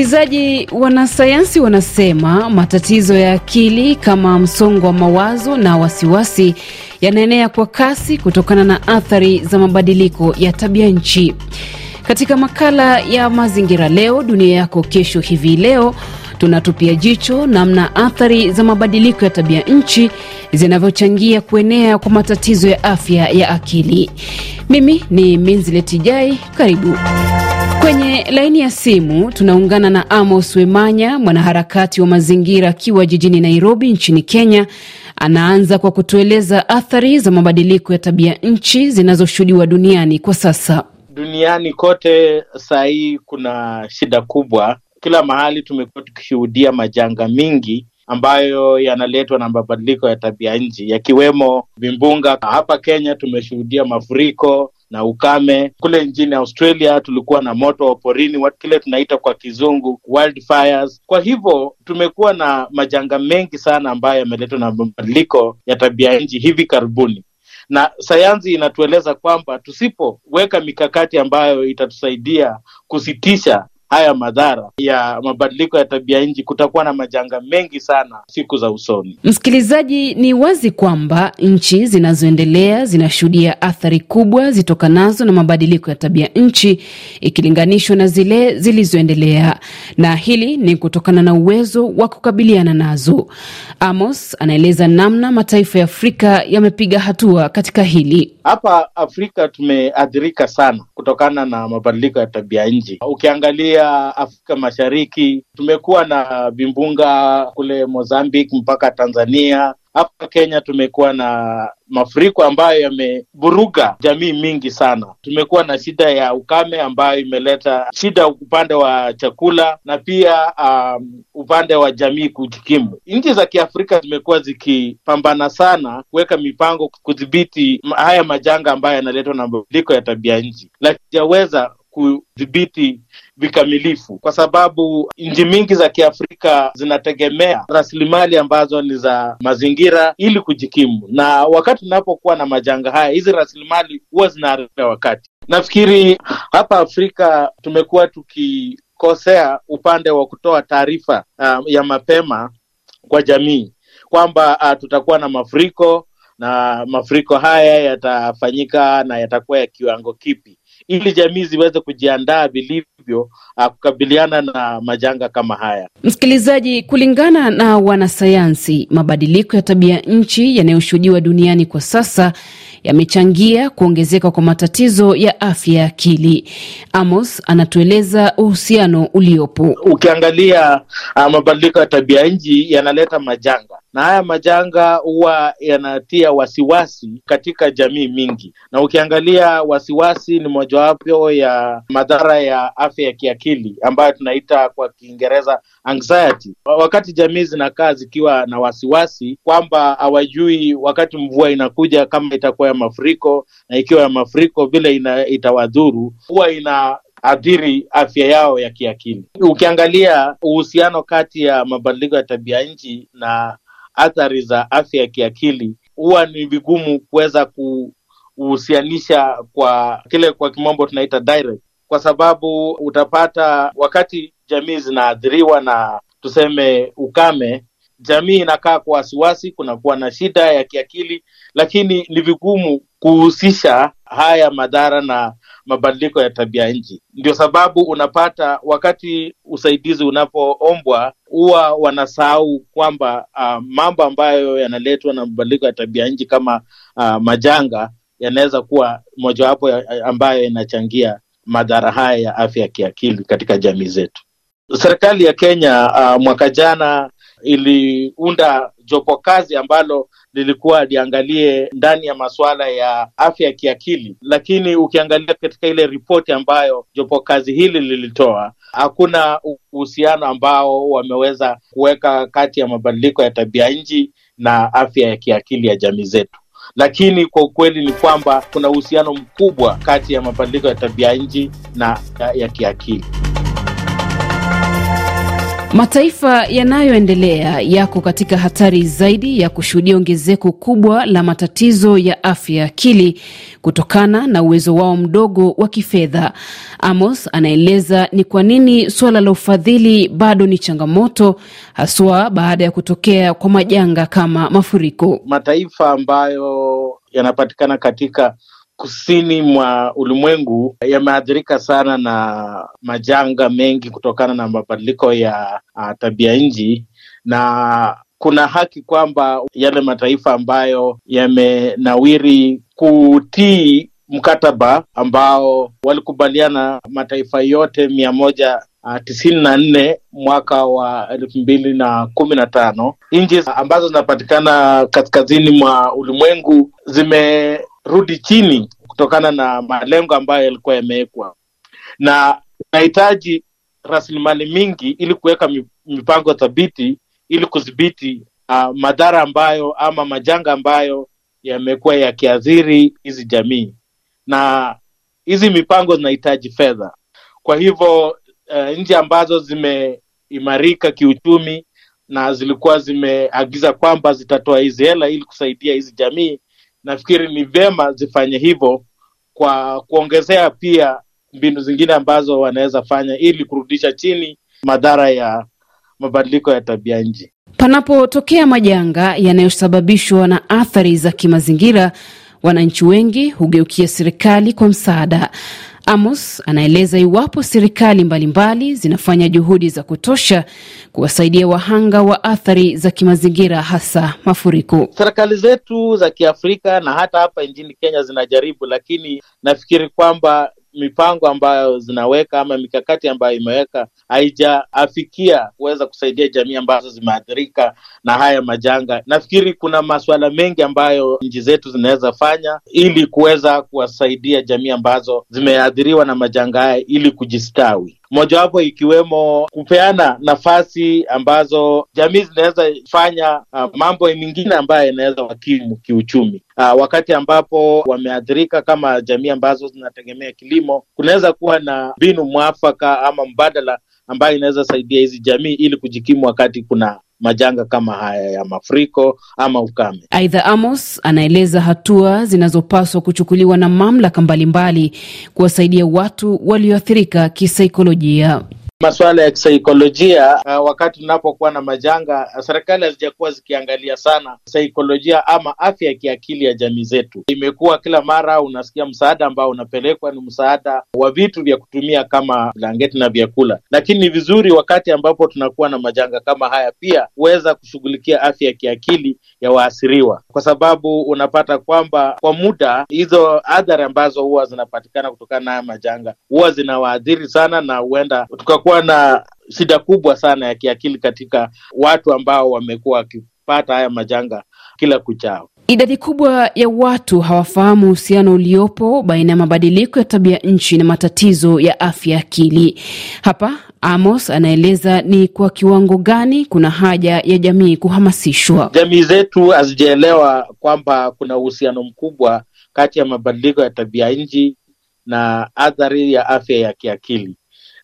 Msikilizaji, wanasayansi wanasema matatizo ya akili kama msongo wa mawazo na wasiwasi yanaenea kwa kasi kutokana na athari za mabadiliko ya tabia nchi. Katika makala ya mazingira leo dunia yako kesho, hivi leo tunatupia jicho namna athari za mabadiliko ya tabia nchi zinavyochangia kuenea kwa matatizo ya afya ya akili. Mimi ni Minzileti Jai, karibu. Kwenye laini ya simu tunaungana na Amos Wemanya, mwanaharakati wa mazingira akiwa jijini Nairobi nchini Kenya. Anaanza kwa kutueleza athari za mabadiliko ya tabia nchi zinazoshuhudiwa duniani kwa sasa. Duniani kote saa hii kuna shida kubwa, kila mahali tumekuwa tukishuhudia majanga mingi ambayo yanaletwa na mabadiliko ya tabia nchi, yakiwemo vimbunga. Hapa Kenya tumeshuhudia mafuriko na ukame. Kule nchini Australia tulikuwa na moto wa porini, kile tunaita kwa kizungu Kwa hivyo tumekuwa na majanga mengi sana ambayo yameletwa na mabadiliko ya tabia nchi hivi karibuni, na sayansi inatueleza kwamba tusipoweka mikakati ambayo itatusaidia kusitisha haya madhara ya mabadiliko ya tabia nchi, kutakuwa na majanga mengi sana siku za usoni. Msikilizaji, ni wazi kwamba nchi zinazoendelea zinashuhudia athari kubwa zitokanazo na mabadiliko ya tabia nchi ikilinganishwa na zile zilizoendelea, na hili ni kutokana na uwezo wa kukabiliana nazo. Amos anaeleza namna mataifa ya Afrika yamepiga hatua katika hili. Hapa Afrika tumeathirika sana kutokana na mabadiliko ya tabia nchi. Ukiangalia tukiangalia Afrika Mashariki tumekuwa na vimbunga kule Mozambique mpaka Tanzania. Hapa Kenya tumekuwa na mafuriko ambayo yameburuga jamii mingi sana. Tumekuwa na shida ya ukame ambayo imeleta shida upande wa chakula na pia um, upande wa jamii kujikimu. Nchi za Kiafrika zimekuwa zikipambana sana kuweka mipango kudhibiti haya majanga ambayo yanaletwa na mabadiliko ya tabia nchi, jaweza kudhibiti vikamilifu, kwa sababu nchi mingi za Kiafrika zinategemea rasilimali ambazo ni za mazingira ili kujikimu, na wakati unapokuwa na majanga haya, hizi rasilimali huwa zinaarea Wakati nafikiri hapa Afrika tumekuwa tukikosea upande wa kutoa taarifa uh, ya mapema kwa jamii kwamba uh, tutakuwa na mafuriko na mafuriko haya yatafanyika na yatakuwa ya kiwango kipi ili jamii ziweze kujiandaa vilivyo ah, kukabiliana na majanga kama haya. Msikilizaji, kulingana na wanasayansi, mabadiliko ya tabia nchi yanayoshuhudiwa duniani kwa sasa yamechangia kuongezeka kwa matatizo ya afya ya akili. Amos anatueleza uhusiano uliopo. Ukiangalia uh, mabadiliko ya tabia nchi yanaleta majanga na haya majanga huwa yanatia wasiwasi katika jamii mingi, na ukiangalia wasiwasi ni mojawapo ya madhara ya afya ya kiakili ambayo tunaita kwa Kiingereza anxiety. Wakati jamii zinakaa zikiwa na wasiwasi kwamba hawajui wakati mvua inakuja kama itakuwa ya mafuriko, na ikiwa ya mafuriko vile itawadhuru, huwa ina athiri afya yao ya kiakili. Ukiangalia uhusiano kati ya mabadiliko ya tabia nchi na athari za afya ya kiakili, huwa ni vigumu kuweza kuhusianisha kwa kile kwa kimombo tunaita direct, kwa sababu utapata wakati jamii zinaathiriwa na tuseme ukame, jamii inakaa kwa wasiwasi, kunakuwa na shida ya kiakili, lakini ni vigumu kuhusisha haya madhara na mabadiliko ya tabia nchi. Ndio sababu unapata wakati usaidizi unapoombwa huwa wanasahau kwamba uh, mambo ambayo yanaletwa na mabadiliko ya tabia nchi kama uh, majanga yanaweza kuwa mojawapo ya ambayo inachangia madhara haya ya afya ya kiakili katika jamii zetu. Serikali ya Kenya uh, mwaka jana iliunda jopo kazi ambalo lilikuwa liangalie ndani ya masuala ya afya ya kiakili, lakini ukiangalia katika ile ripoti ambayo jopo kazi hili lilitoa, hakuna uhusiano ambao wameweza kuweka kati ya mabadiliko ya tabia nchi na afya ya kiakili ya jamii zetu lakini kwa ukweli ni kwamba kuna uhusiano mkubwa kati ya mabadiliko ya tabia nchi na ya kiakili. Mataifa yanayoendelea yako katika hatari zaidi ya kushuhudia ongezeko kubwa la matatizo ya afya ya akili kutokana na uwezo wao mdogo wa kifedha. Amos anaeleza ni kwa nini suala la ufadhili bado ni changamoto, haswa baada ya kutokea kwa majanga kama mafuriko. Mataifa ambayo yanapatikana katika kusini mwa ulimwengu yameathirika sana na majanga mengi kutokana na mabadiliko ya uh, tabia nchi na kuna haki kwamba yale mataifa ambayo yamenawiri kutii mkataba ambao walikubaliana mataifa yote mia moja tisini na nne mwaka wa elfu mbili na kumi na tano nchi ambazo zinapatikana kaskazini mwa ulimwengu zime rudi chini kutokana na malengo ambayo yalikuwa yamewekwa, na inahitaji rasilimali mingi ili kuweka mipango thabiti ili kudhibiti uh, madhara ambayo ama majanga ambayo yamekuwa yakiathiri hizi jamii, na hizi mipango zinahitaji fedha. Kwa hivyo uh, nchi ambazo zimeimarika kiuchumi na zilikuwa zimeagiza kwamba zitatoa hizi hela ili kusaidia hizi jamii nafikiri ni vyema zifanye hivyo kwa kuongezea pia mbinu zingine ambazo wanaweza fanya ili kurudisha chini madhara ya mabadiliko ya tabia nji Panapotokea majanga yanayosababishwa na athari za kimazingira, wananchi wengi hugeukia serikali kwa msaada. Amos anaeleza iwapo serikali mbalimbali zinafanya juhudi za kutosha kuwasaidia wahanga wa athari za kimazingira hasa mafuriko. Serikali zetu za Kiafrika na hata hapa nchini Kenya zinajaribu, lakini nafikiri kwamba mipango ambayo zinaweka ama mikakati ambayo imeweka haijaafikia kuweza kusaidia jamii ambazo zimeathirika na haya majanga. Nafikiri kuna masuala mengi ambayo nchi zetu zinaweza fanya ili kuweza kuwasaidia jamii ambazo zimeathiriwa na majanga haya ili kujistawi mojawapo ikiwemo kupeana nafasi ambazo jamii zinaweza fanya uh, mambo mengine ambayo yanaweza wakimu kiuchumi. Uh, wakati ambapo wameathirika kama jamii ambazo zinategemea kilimo, kunaweza kuwa na mbinu mwafaka ama mbadala ambayo inaweza saidia hizi jamii ili kujikimu wakati kuna majanga kama haya ya mafuriko ama ukame. Aidha, Amos anaeleza hatua zinazopaswa kuchukuliwa na mamlaka mbalimbali kuwasaidia watu walioathirika kisaikolojia masuala ya kisaikolojia uh, wakati tunapokuwa na majanga, serikali hazijakuwa zikiangalia sana saikolojia ama afya ya kiakili ya jamii zetu. Imekuwa kila mara unasikia msaada ambao unapelekwa ni msaada wa vitu vya kutumia kama blanketi na vyakula, lakini ni vizuri wakati ambapo tunakuwa na majanga kama haya pia huweza kushughulikia afya ya kiakili ya waathiriwa, kwa sababu unapata kwamba kwa muda hizo adhari ambazo huwa zinapatikana kutokana na haya majanga huwa zinawaadhiri sana na huenda tuka kumekuwa na shida kubwa sana ya kiakili katika watu ambao wamekuwa wakipata haya majanga kila kuchao. Idadi kubwa ya watu hawafahamu uhusiano uliopo baina ya mabadiliko ya tabia nchi na matatizo ya afya ya akili. Hapa Amos anaeleza ni kwa kiwango gani kuna haja ya jamii kuhamasishwa. Jamii zetu hazijaelewa kwamba kuna uhusiano mkubwa kati ya mabadiliko ya tabia nchi na athari ya afya ya kiakili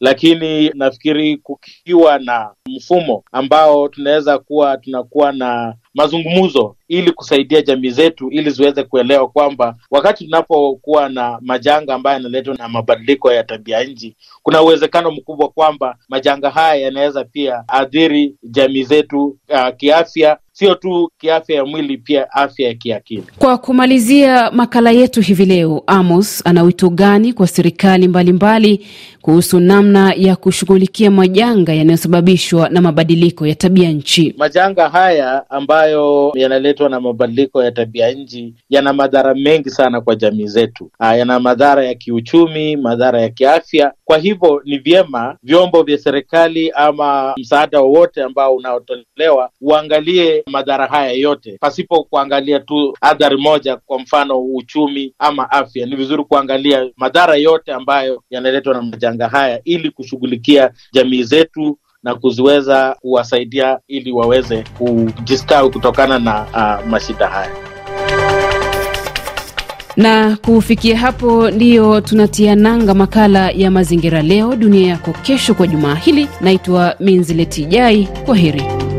lakini nafikiri kukiwa na mfumo ambao tunaweza kuwa tunakuwa na mazungumzo ili kusaidia jamii zetu ili ziweze kuelewa kwamba wakati tunapokuwa na majanga ambayo yanaletwa na mabadiliko ya tabia nchi, kuna uwezekano mkubwa kwamba majanga haya yanaweza pia adhiri jamii zetu uh, kiafya sio tu kiafya ya mwili, pia afya ya kiakili. Kwa kumalizia makala yetu hivi leo, Amos ana wito gani kwa serikali mbalimbali kuhusu namna ya kushughulikia majanga yanayosababishwa na mabadiliko ya tabia nchi? Majanga haya ambayo yanaletwa na mabadiliko ya tabia nchi yana madhara mengi sana kwa jamii zetu. Ah, yana madhara ya kiuchumi, madhara ya kiafya. Kwa hivyo ni vyema vyombo vya serikali ama msaada wowote ambao unaotolewa uangalie madhara haya yote pasipo kuangalia tu athari moja, kwa mfano uchumi ama afya. Ni vizuri kuangalia madhara yote ambayo yanaletwa na majanga haya ili kushughulikia jamii zetu na kuziweza kuwasaidia ili waweze kujistawi kutokana na uh, mashida haya. Na kufikia hapo ndiyo tunatia nanga makala ya mazingira leo, dunia yako kesho kwa jumaa hili. Naitwa Minzileti Jai, kwa heri.